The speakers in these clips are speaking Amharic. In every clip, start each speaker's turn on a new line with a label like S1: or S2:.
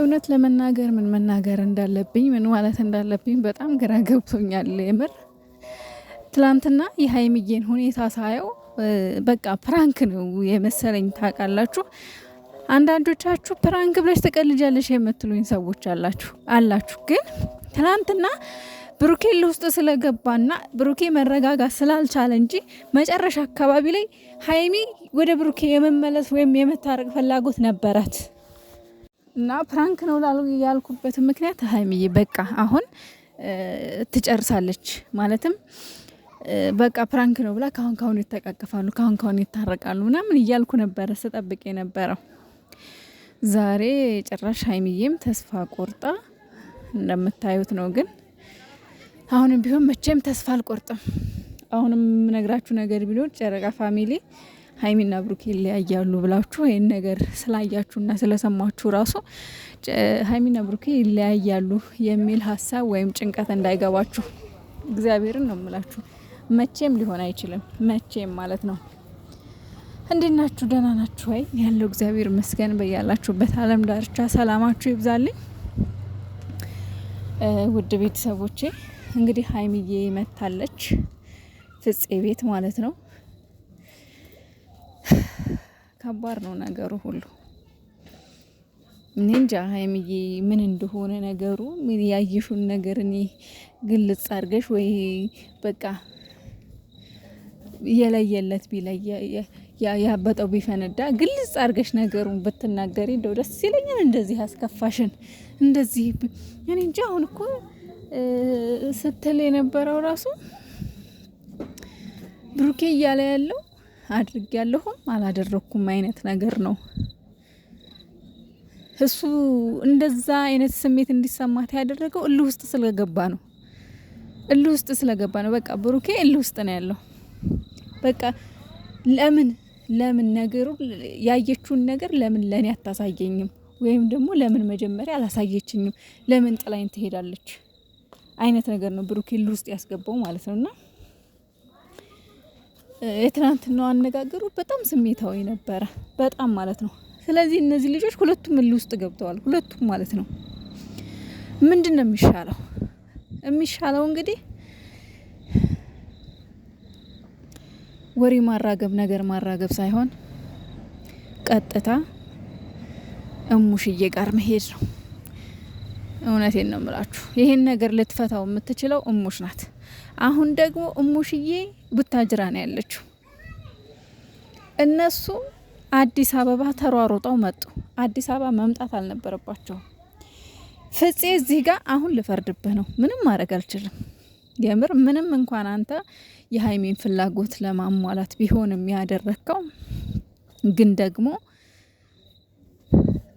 S1: እውነት ለመናገር ምን መናገር እንዳለብኝ ምን ማለት እንዳለብኝ በጣም ግራ ገብቶኛል። የምር ትላንትና የሀይሚዬን ሁኔታ ሳየው በቃ ፕራንክ ነው የመሰለኝ። ታውቃላችሁ አንዳንዶቻችሁ ፕራንክ ብለሽ ትቀልጃለሽ የምትሉኝ ሰዎች አላችሁ አላችሁ። ግን ትላንትና ብሩኬ ውስጥ ስለገባና ብሩኬ መረጋጋት ስላልቻለ እንጂ መጨረሻ አካባቢ ላይ ሀይሚ ወደ ብሩኬ የመመለስ ወይም የመታረቅ ፍላጎት ነበራት። እና ፕራንክ ነው ያልኩበት ምክንያት ሀይሚዬ በቃ አሁን ትጨርሳለች ማለትም በቃ ፕራንክ ነው ብላ ካሁን ካሁን ይተቃቀፋሉ፣ ካሁን ካሁን ይታረቃሉ ምናምን እያልኩ ነበረ ስጠብቅ የነበረው። ዛሬ ጭራሽ ሀይሚዬም ተስፋ ቆርጣ እንደምታዩት ነው። ግን አሁንም ቢሆን መቼም ተስፋ አልቆርጥም። አሁንም የምነግራችሁ ነገር ቢኖር ጨረቃ ፋሚሊ ሀይሚና ብሩኬ ይለያያሉ ብላችሁ ይህን ነገር ስላያችሁና ስለሰማችሁ ራሱ ሀይሚና ብሩኬ ይለያያሉ የሚል ሀሳብ ወይም ጭንቀት እንዳይገባችሁ እግዚአብሔርን ነው የምላችሁ። መቼም ሊሆን አይችልም። መቼም ማለት ነው። እንዴት ናችሁ? ደህና ናችሁ ወይ? ያለው እግዚአብሔር ይመስገን። በያላችሁበት አለም ዳርቻ ሰላማችሁ ይብዛልኝ ውድ ቤተሰቦቼ። እንግዲህ ሀይሚዬ መታለች ፍፄ ቤት ማለት ነው። ከባድ ነው ነገሩ ሁሉ። እኔ እንጃ ሀይምዬ ምን እንደሆነ ነገሩ። ምን ያየሹን ነገር እኔ ግልጽ አድርገሽ ወይ በቃ የለየለት ቢለይ ያበጠው ቢፈነዳ ግልጽ አድርገሽ ነገሩን ብትናገሪ እንደው ደስ ይለኛል። እንደዚህ አስከፋሽን እንደዚህ እኔ እንጃ። አሁን እኮ ስትል የነበረው ራሱ ብሩኬ እያለ ያለው አድርግ ያለሁም አላደረኩም አይነት ነገር ነው። እሱ እንደዛ አይነት ስሜት እንዲሰማት ያደረገው እልህ ውስጥ ስለገባ ነው። እልህ ውስጥ ስለገባ ነው። በቃ ብሩኬ እልህ ውስጥ ነው ያለው። በቃ ለምን ለምን ነገሩ ያየችውን ነገር ለምን ለእኔ አታሳየኝም? ወይም ደግሞ ለምን መጀመሪያ አላሳየችኝም? ለምን ጥላኝ ትሄዳለች? አይነት ነገር ነው ብሩኬ እልህ ውስጥ ያስገባው ማለት ነውና የትናንትናው አነጋገሩ በጣም ስሜታዊ ነበረ፣ በጣም ማለት ነው። ስለዚህ እነዚህ ልጆች ሁለቱም እልህ ውስጥ ገብተዋል። ሁለቱም ማለት ነው። ምንድን ነው የሚሻለው? የሚሻለው እንግዲህ ወሬ ማራገብ፣ ነገር ማራገብ ሳይሆን ቀጥታ እሙሽዬ ጋር መሄድ ነው። እውነቴን ነው የምላችሁ፣ ይህን ነገር ልትፈታው የምትችለው እሙሽ ናት። አሁን ደግሞ እሙሽዬ ቡታጅራ ነው ያለችው። እነሱ አዲስ አበባ ተሯሩጠው መጡ። አዲስ አበባ መምጣት አልነበረባቸውም። ፍፄ እዚህ ጋር አሁን ልፈርድብህ ነው። ምንም ማድረግ አልችልም። የምር ምንም እንኳን አንተ የሀይሜን ፍላጎት ለማሟላት ቢሆንም ያደረግከው ግን ደግሞ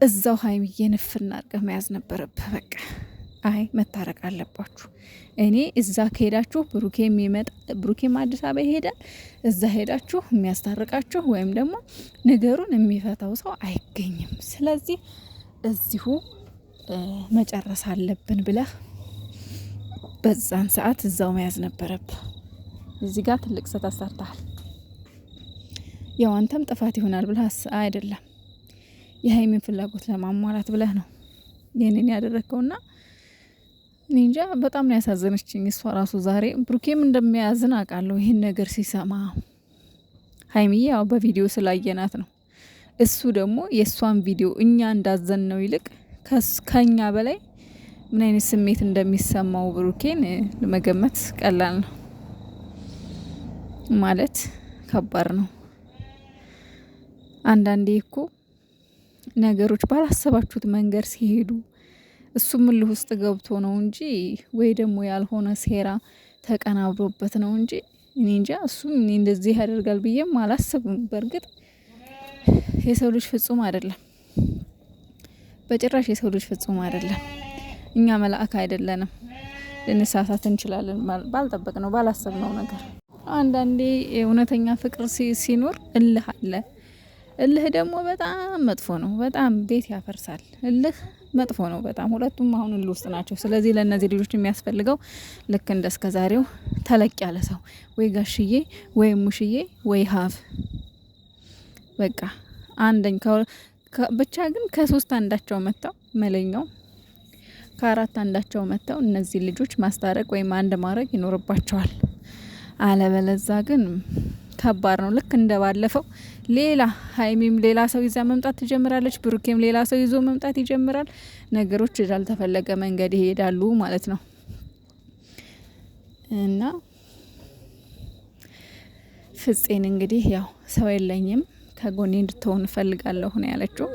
S1: እዛው ሀይሜ የንፍና አድርገህ መያዝ ነበረብህ በቃ አይ መታረቅ አለባችሁ። እኔ እዛ ከሄዳችሁ ብሩኬም ይመጣል፣ ብሩኬም አዲስ አበባ ይሄዳል። እዛ ሄዳችሁ የሚያስታርቃችሁ ወይም ደግሞ ነገሩን የሚፈታው ሰው አይገኝም። ስለዚህ እዚሁ መጨረስ አለብን ብለህ በዛን ሰዓት እዛው መያዝ ነበረብህ። እዚህ ጋር ትልቅ ስህተት አሰርተሃል። ያው አንተም ጥፋት ይሆናል ብለህ አይደለም የሀይሚን ፍላጎት ለማሟላት ብለህ ነው ይህንን ያደረግከውና ኒንጃ እንጃ በጣም ነው ያሳዘነችኝ እሷ ራሱ ዛሬ። ብሩኬም እንደሚያዝን አውቃለሁ ይህን ነገር ሲሰማ። ሀይሚዬ ያው በቪዲዮ ስላየናት ነው። እሱ ደግሞ የእሷን ቪዲዮ እኛ እንዳዘን ነው ይልቅ ከኛ በላይ ምን አይነት ስሜት እንደሚሰማው ብሩኬን ለመገመት ቀላል ነው ማለት ከባድ ነው። አንዳንዴ እኮ ነገሮች ባላሰባችሁት መንገድ ሲሄዱ እሱም ምልህ ውስጥ ገብቶ ነው እንጂ ወይ ደግሞ ያልሆነ ሴራ ተቀናብሮበት ነው እንጂ እኔ እንጃ እሱም እኔ እንደዚህ ያደርጋል ብዬም አላስብም። በእርግጥ የሰው ልጅ ፍጹም አይደለም፣ በጭራሽ የሰው ልጅ ፍጹም አይደለም። እኛ መላእክ አይደለንም። ልንሳሳት እንችላለን፣ ባልጠበቅ ነው ባላሰብ ነው ነገር። አንዳንዴ እውነተኛ ፍቅር ሲኖር እልህ አለ። እልህ ደግሞ በጣም መጥፎ ነው፣ በጣም ቤት ያፈርሳል እልህ መጥፎ ነው በጣም ሁለቱም አሁን እልህ ውስጥ ናቸው። ስለዚህ ለእነዚህ ልጆች የሚያስፈልገው ልክ እንደ እስከ ዛሬው ተለቅ ያለ ሰው ወይ ጋሽዬ ወይ ሙሽዬ ወይ ሀብ በቃ አንደኝ ብቻ ግን ከሶስት አንዳቸው መጥተው መለኛው ከአራት አንዳቸው መጥተው እነዚህ ልጆች ማስታረቅ ወይም አንድ ማድረግ ይኖርባቸዋል። አለበለዛ ግን ከባድ ነው። ልክ እንደ ባለፈው ሌላ ሀይሚም ሌላ ሰው ይዛ መምጣት ትጀምራለች፣ ብሩኬም ሌላ ሰው ይዞ መምጣት ይጀምራል። ነገሮች እንዳልተፈለገ መንገድ ይሄዳሉ ማለት ነው እና ፍፄን እንግዲህ ያው ሰው የለኝም ከጎኔ እንድትሆን እፈልጋለሁ ነው ያለችው።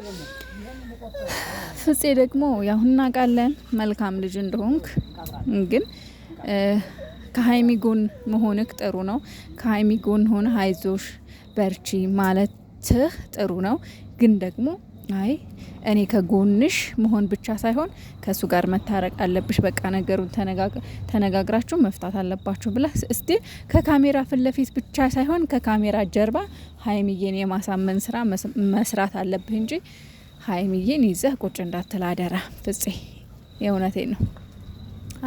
S1: ፍጼ ደግሞ ያው እናውቃለን መልካም ልጅ እንደሆንክ፣ ግን ከሀይሚ ጎን መሆንክ ጥሩ ነው። ከሀይሚ ጎን ሆነ ሀይዞሽ በርቺ ማለትህ ጥሩ ነው። ግን ደግሞ አይ እኔ ከጎንሽ መሆን ብቻ ሳይሆን ከእሱ ጋር መታረቅ አለብሽ፣ በቃ ነገሩን ተነጋግራችሁ መፍታት አለባችሁ ብላ እስቲ ከካሜራ ፊት ለፊት ብቻ ሳይሆን ከካሜራ ጀርባ ሀይሚዬን የማሳመን ስራ መስራት አለብህ እንጂ ሀይሚዬን ይዘህ ቁጭ እንዳትል አደራ ፍፄ። የእውነቴ ነው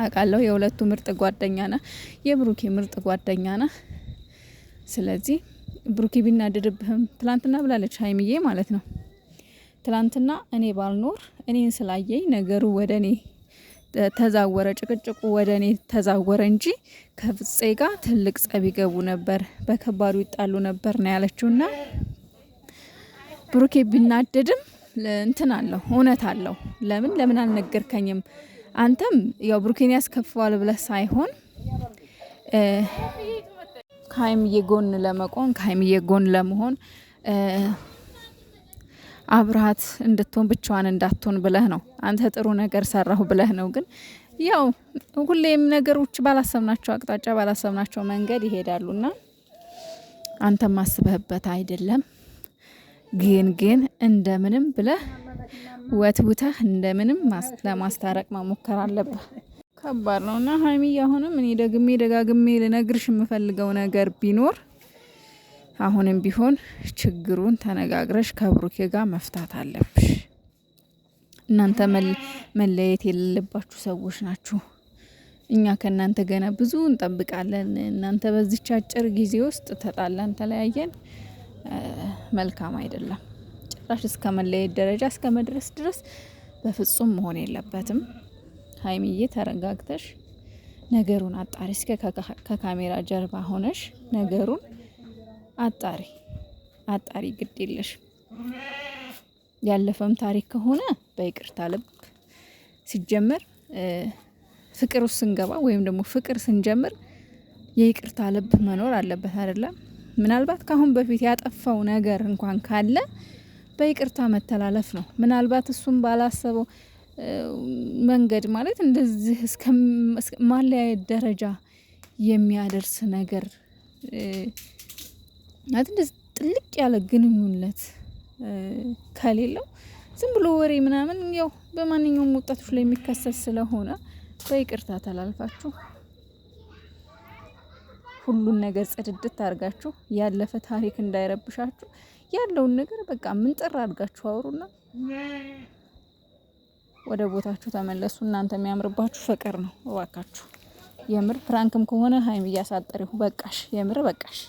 S1: አውቃለሁ። የሁለቱ ምርጥ ጓደኛ ና የብሩኬ ምርጥ ጓደኛ ና ስለዚህ ብሩኬ ቢናደድብህም ትላንትና ብላለች ሀይሚዬ ማለት ነው። ትላንትና እኔ ባልኖር እኔን ስላየኝ ነገሩ ወደ እኔ ተዛወረ፣ ጭቅጭቁ ወደ እኔ ተዛወረ እንጂ ከፍጼ ጋር ትልቅ ጸብ ይገቡ ነበር፣ በከባዱ ይጣሉ ነበር ነው ና ብሩኬ ቢናደድም እንትን አለው እውነት አለው። ለምን ለምን አልነገርከኝም? አንተም ያው ብሩኬን ያስከፍዋል ብለህ ሳይሆን ከሀይሚዬ ጎን ለመቆም ከሀይሚዬ ጎን ለመሆን አብርሃት እንድትሆን ብቻዋን እንዳትሆን ብለህ ነው። አንተ ጥሩ ነገር ሰራሁ ብለህ ነው። ግን ያው ሁሌም ነገሮች ባላሰብናቸው አቅጣጫ ባላሰብናቸው መንገድ ና አንተም አስበህበት አይደለም። ግን ግን እንደምንም ብለህ ወትውተህ እንደምንም ለማስታረቅ መሞከር አለብህ። ከባድ ነው እና ሀይሚ አሁንም እኔ ደግሜ ደጋግሜ ልነግርሽ የምፈልገው ነገር ቢኖር አሁንም ቢሆን ችግሩን ተነጋግረሽ ከብሩኬ ጋር መፍታት አለብሽ። እናንተ መለየት የሌለባችሁ ሰዎች ናችሁ። እኛ ከእናንተ ገና ብዙ እንጠብቃለን። እናንተ በዚች አጭር ጊዜ ውስጥ ተጣላን፣ ተለያየን፣ መልካም አይደለም። ጭራሽ እስከ መለየት ደረጃ እስከ መድረስ ድረስ በፍጹም መሆን የለበትም። ሀይሚዬ ተረጋግተሽ ነገሩን አጣሪ። እስከ ከካሜራ ጀርባ ሆነሽ ነገሩን አጣሪ አጣሪ፣ ግድ የለሽ ያለፈም ታሪክ ከሆነ በይቅርታ ልብ ሲጀመር ፍቅር ውስጥ ስንገባ ወይም ደግሞ ፍቅር ስንጀምር የይቅርታ ልብ መኖር አለበት አይደለም። ምናልባት ካሁን በፊት ያጠፋው ነገር እንኳን ካለ በይቅርታ መተላለፍ ነው። ምናልባት እሱም ባላሰበው መንገድ ማለት እንደዚህ እስከ ማለያየት ደረጃ የሚያደርስ ነገር ማለት እንደዚህ ጥልቅ ያለ ግንኙነት ከሌለው ዝም ብሎ ወሬ ምናምን ያው በማንኛውም ወጣቶች ላይ የሚከሰት ስለሆነ በይቅርታ ተላልፋችሁ ሁሉን ነገር ጽድድት አድርጋችሁ ያለፈ ታሪክ እንዳይረብሻችሁ ያለውን ነገር በቃ ምንጥር አድርጋችሁ አውሩና ወደ ቦታችሁ ተመለሱ። እናንተ የሚያምርባችሁ ፍቅር ነው። እባካችሁ የምር ፍራንክም ከሆነ ሀይም እያሳጠሪሁ በቃሽ፣ የምር በቃሽ።